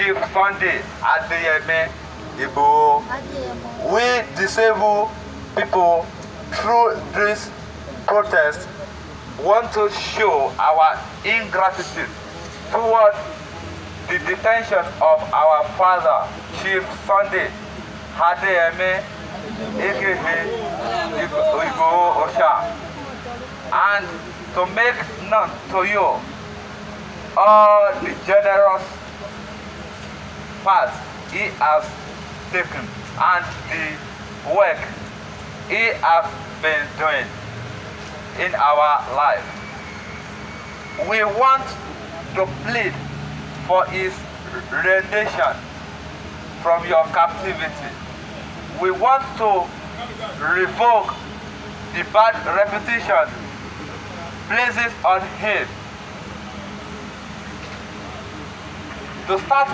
Chief Sunday Adeyemi Igboho. We disabled people through this protest want to show our ingratitude towards the detention of our father, Chief Sunday Adeyemi Igboho Igboho Osha, and to make known to you all the generous path he has taken and the work he has been doing in our life. We want to plead for his rendition from your captivity. We want to revoke the bad reputation places on him. To start